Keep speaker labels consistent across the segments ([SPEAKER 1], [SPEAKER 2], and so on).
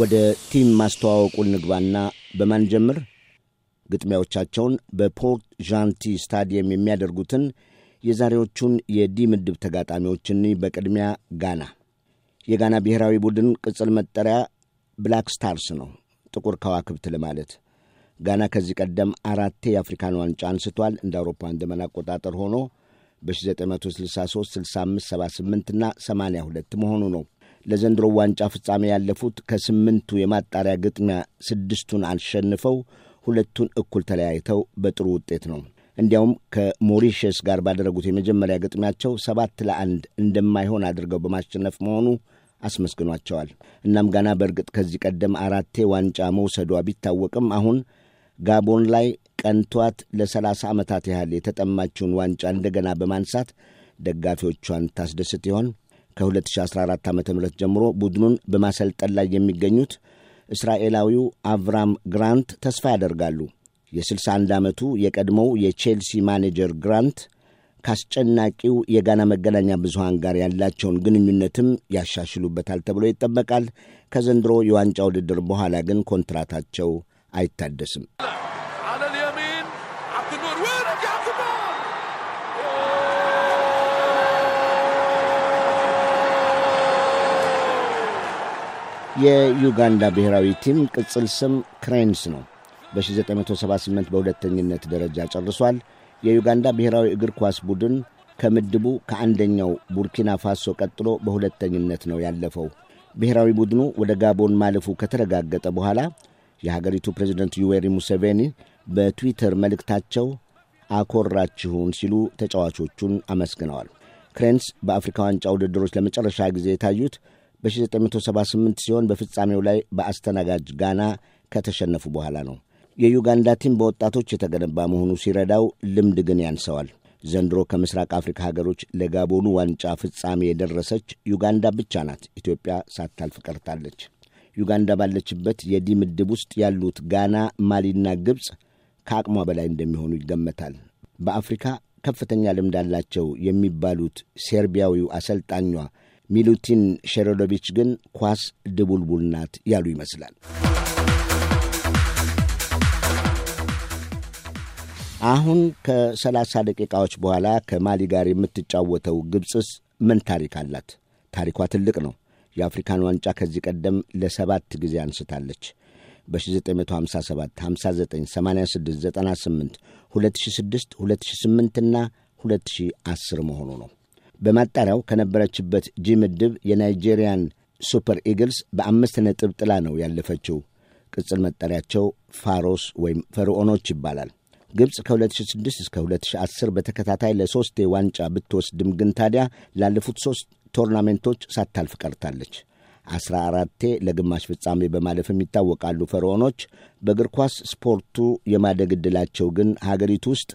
[SPEAKER 1] ወደ ቲም ማስተዋወቁን ንግባና በማን ጀምር? ግጥሚያዎቻቸውን በፖርት ዣንቲ ስታዲየም የሚያደርጉትን የዛሬዎቹን የዲ ምድብ ተጋጣሚዎችን በቅድሚያ ጋና። የጋና ብሔራዊ ቡድን ቅጽል መጠሪያ ብላክ ስታርስ ነው፣ ጥቁር ከዋክብት ለማለት። ጋና ከዚህ ቀደም አራቴ የአፍሪካን ዋንጫ አንስቷል እንደ አውሮፓውያን ዘመን አቆጣጠር ሆኖ በ1963፣ 65፣ 78 እና 82 መሆኑ ነው። ለዘንድሮ ዋንጫ ፍጻሜ ያለፉት ከስምንቱ የማጣሪያ ግጥሚያ ስድስቱን አሸንፈው ሁለቱን እኩል ተለያይተው በጥሩ ውጤት ነው። እንዲያውም ከሞሪሸስ ጋር ባደረጉት የመጀመሪያ ግጥሚያቸው ሰባት ለአንድ እንደማይሆን አድርገው በማሸነፍ መሆኑ አስመስግኗቸዋል። እናም ጋና በእርግጥ ከዚህ ቀደም አራቴ ዋንጫ መውሰዷ ቢታወቅም አሁን ጋቦን ላይ ቀንቷት ለሰላሳ ዓመታት ያህል የተጠማችውን ዋንጫ እንደገና በማንሳት ደጋፊዎቿን ታስደስት ይሆን? ከ2014 ዓ ም ጀምሮ ቡድኑን በማሰልጠን ላይ የሚገኙት እስራኤላዊው አቭራም ግራንት ተስፋ ያደርጋሉ። የ61 ዓመቱ የቀድሞው የቼልሲ ማኔጀር ግራንት ከአስጨናቂው የጋና መገናኛ ብዙሃን ጋር ያላቸውን ግንኙነትም ያሻሽሉበታል ተብሎ ይጠበቃል። ከዘንድሮ የዋንጫ ውድድር በኋላ ግን ኮንትራታቸው አይታደስም። የዩጋንዳ ብሔራዊ ቲም ቅጽል ስም ክሬንስ ነው። በ1978 በሁለተኝነት ደረጃ ጨርሷል። የዩጋንዳ ብሔራዊ እግር ኳስ ቡድን ከምድቡ ከአንደኛው ቡርኪና ፋሶ ቀጥሎ በሁለተኝነት ነው ያለፈው። ብሔራዊ ቡድኑ ወደ ጋቦን ማለፉ ከተረጋገጠ በኋላ የሀገሪቱ ፕሬዚደንት ዩዌሪ ሙሴቬኒ በትዊተር መልእክታቸው አኮራችሁን ሲሉ ተጫዋቾቹን አመስግነዋል። ክሬንስ በአፍሪካ ዋንጫ ውድድሮች ለመጨረሻ ጊዜ የታዩት በ1978 ሲሆን በፍጻሜው ላይ በአስተናጋጅ ጋና ከተሸነፉ በኋላ ነው። የዩጋንዳ ቲም በወጣቶች የተገነባ መሆኑ ሲረዳው ልምድ ግን ያንሰዋል። ዘንድሮ ከምስራቅ አፍሪካ ሀገሮች ለጋቦኑ ዋንጫ ፍጻሜ የደረሰች ዩጋንዳ ብቻ ናት። ኢትዮጵያ ሳታልፍ ቀርታለች። ዩጋንዳ ባለችበት የዲ ምድብ ውስጥ ያሉት ጋና፣ ማሊና ግብፅ ከአቅሟ በላይ እንደሚሆኑ ይገመታል። በአፍሪካ ከፍተኛ ልምድ አላቸው የሚባሉት ሴርቢያዊው አሰልጣኟ ሚሉቲን ሸረዶቪች ግን ኳስ ድቡልቡል ናት ያሉ ይመስላል። አሁን ከ30 ደቂቃዎች በኋላ ከማሊ ጋር የምትጫወተው ግብፅስ ምን ታሪክ አላት? ታሪኳ ትልቅ ነው። የአፍሪካን ዋንጫ ከዚህ ቀደም ለሰባት ጊዜ አንስታለች። በ1957፣ 59፣ 86፣ 98፣ 2006፣ 2008 እና 2010 መሆኑ ነው። በማጣሪያው ከነበረችበት ጂ ምድብ የናይጄሪያን ሱፐር ኢግልስ በአምስት ነጥብ ጥላ ነው ያለፈችው። ቅጽል መጠሪያቸው ፋሮስ ወይም ፈርዖኖች ይባላል። ግብፅ ከ2006 እስከ 2010 በተከታታይ ለሦስቴ ዋንጫ ብትወስድም ግን ታዲያ ላለፉት ሦስት ቶርናሜንቶች ሳታልፍ ቀርታለች። አስራ አራቴ ለግማሽ ፍጻሜ በማለፍም ይታወቃሉ። ፈርዖኖች በእግር ኳስ ስፖርቱ የማደግ ዕድላቸው ግን ሀገሪቱ ውስጥ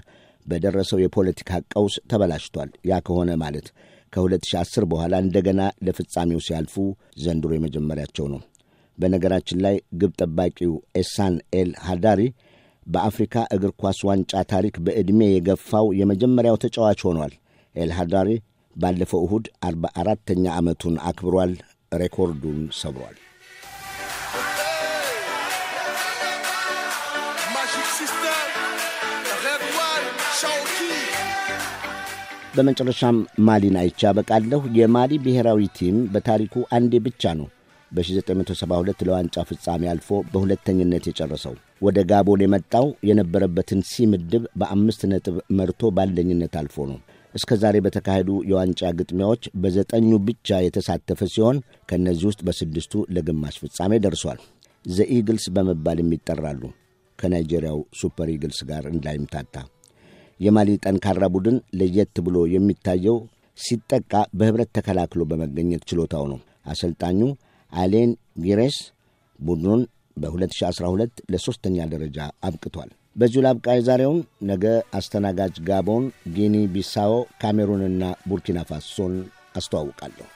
[SPEAKER 1] በደረሰው የፖለቲካ ቀውስ ተበላሽቷል። ያ ከሆነ ማለት ከ2010 በኋላ እንደገና ለፍጻሜው ሲያልፉ ዘንድሮ የመጀመሪያቸው ነው። በነገራችን ላይ ግብ ጠባቂው ኤሳን ኤል ሃዳሪ በአፍሪካ እግር ኳስ ዋንጫ ታሪክ በዕድሜ የገፋው የመጀመሪያው ተጫዋች ሆኗል። ኤል ሃዳሪ ባለፈው እሁድ 44ተኛ ዓመቱን አክብሯል። ሬኮርዱን ሰብሯል። በመጨረሻም ማሊን አይቼ አበቃለሁ። የማሊ ብሔራዊ ቲም በታሪኩ አንዴ ብቻ ነው በ1972 ለዋንጫ ፍጻሜ አልፎ በሁለተኝነት የጨረሰው። ወደ ጋቦን የመጣው የነበረበትን ሲ ምድብ በአምስት ነጥብ መርቶ በአንደኝነት አልፎ ነው። እስከ ዛሬ በተካሄዱ የዋንጫ ግጥሚያዎች በዘጠኙ ብቻ የተሳተፈ ሲሆን ከእነዚህ ውስጥ በስድስቱ ለግማሽ ፍጻሜ ደርሷል። ዘኢግልስ በመባል የሚጠራሉ። ከናይጄሪያው ሱፐር ኢግልስ ጋር እንዳይምታታ። የማሊ ጠንካራ ቡድን ለየት ብሎ የሚታየው ሲጠቃ በኅብረት ተከላክሎ በመገኘት ችሎታው ነው። አሰልጣኙ አሌን ጊሬስ ቡድኑን በ2012 ለሦስተኛ ደረጃ አብቅቷል። በዚሁ ላብቃ። የዛሬውን ነገ አስተናጋጅ ጋቦን፣ ጊኒ ቢሳዎ፣ ካሜሩንና ቡርኪና ፋሶን አስተዋውቃለሁ።